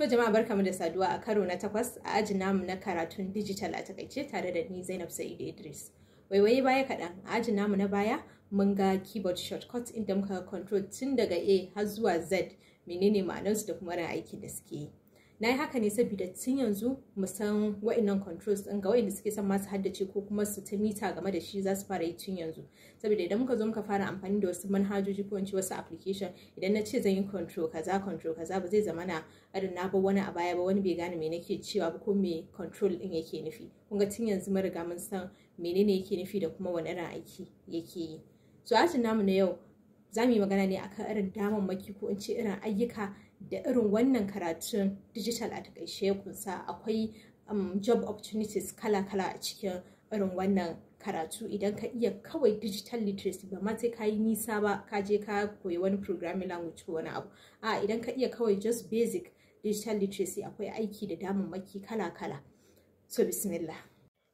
To jama'a barkamu da saduwa a karo na takwas a ajin namu na karatun digital a takaice tare da ni Zainab Sa'idu Idris. Waiwaye baya kaɗan a ajin namu na baya mun ga keyboard shortcut inda muka control tun daga A har zuwa Z menene ma'anarsu da kuma ran aikin da suke yi. na yi haka ne saboda tun yanzu mu san wa'annan controls ɗin ga wa'anda suke son masu haddace ko kuma su ta mita game da shi za su fara yi tun yanzu saboda idan muka zo muka fara amfani da wasu manhajoji ko ince wasu application idan na ce zan yi control kaza control kaza ba zai zama na irin na bar wani a baya ba wani bai gane me nake cewa ba ko me control ɗin yake nufi kun ga tun yanzu mun riga mun san menene yake nufi da kuma wani irin aiki yake yi so ajin namu na yau za mu yi magana ne akan irin damammaki ko in ce irin ayyuka da irin wannan karatun digital a takaice ya kunsa akwai um, job opportunities kala-kala a cikin irin wannan karatu idan ka iya kawai digital literacy ba ma sai ka yi nisa ba ka je ka koyi wani programming language ko wani abu a idan ka iya kawai just basic digital literacy akwai aiki da damammaki kala-kala so bismillah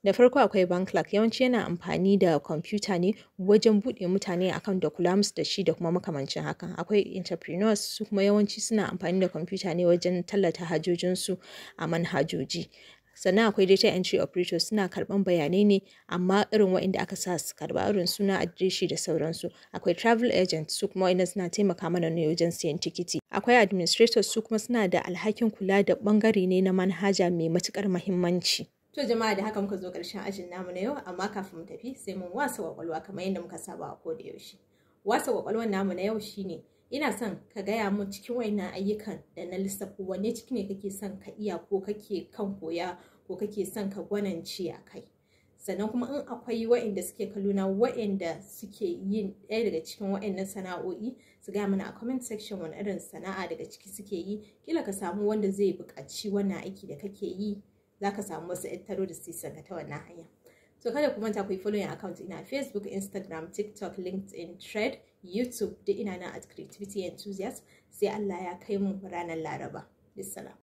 Da farko akwai bank clerk yawanci yana amfani da kwamfuta ne wajen buɗe mutane akan da kula musu da shi da kuma makamancin hakan. Akwai entrepreneurs su kuma yawanci suna amfani da kwamfuta ne wajen tallata hajojinsu a manhajoji. Sannan akwai data entry operators suna karban bayanai ne amma irin waɗanda aka sa su karɓa irin suna, adireshi da sauransu. Akwai travel agents su kuma wa'inda suna taimaka mana ne wajen siyan tikiti. Akwai administrators su kuma suna da alhakin kula da ɓangare ne na manhaja mai matuƙar muhimmanci. To jama'a da haka muka zo ƙarshen ajin namu na yau amma kafin mu tafi sai mun wasa kwakwalwa kamar yadda muka saba a koda yaushe. Wasa kwakwalwan namu na yau shine ina son ka gaya mun cikin wannan ayyukan da na lissafo wanne ciki ne kake son ka iya ko kake kan koya ko kake son ka gwanance a kai. Sannan kuma in akwai wa'inda suke kaluna wa'inda suke yin ɗaya daga cikin wa'innan sana'o'i su gaya mana a comment section wani irin sana'a daga ciki suke yi kila ka samu wanda zai buƙaci wannan aiki da kake yi za ka samu wasu yan taro da su saka ta wannan hanya so kada ku manta ku yi following account ina facebook instagram tiktok linkedin thread youtube da ina nan at creativity enthusiast sai allah ya kai mu ranar laraba bisalam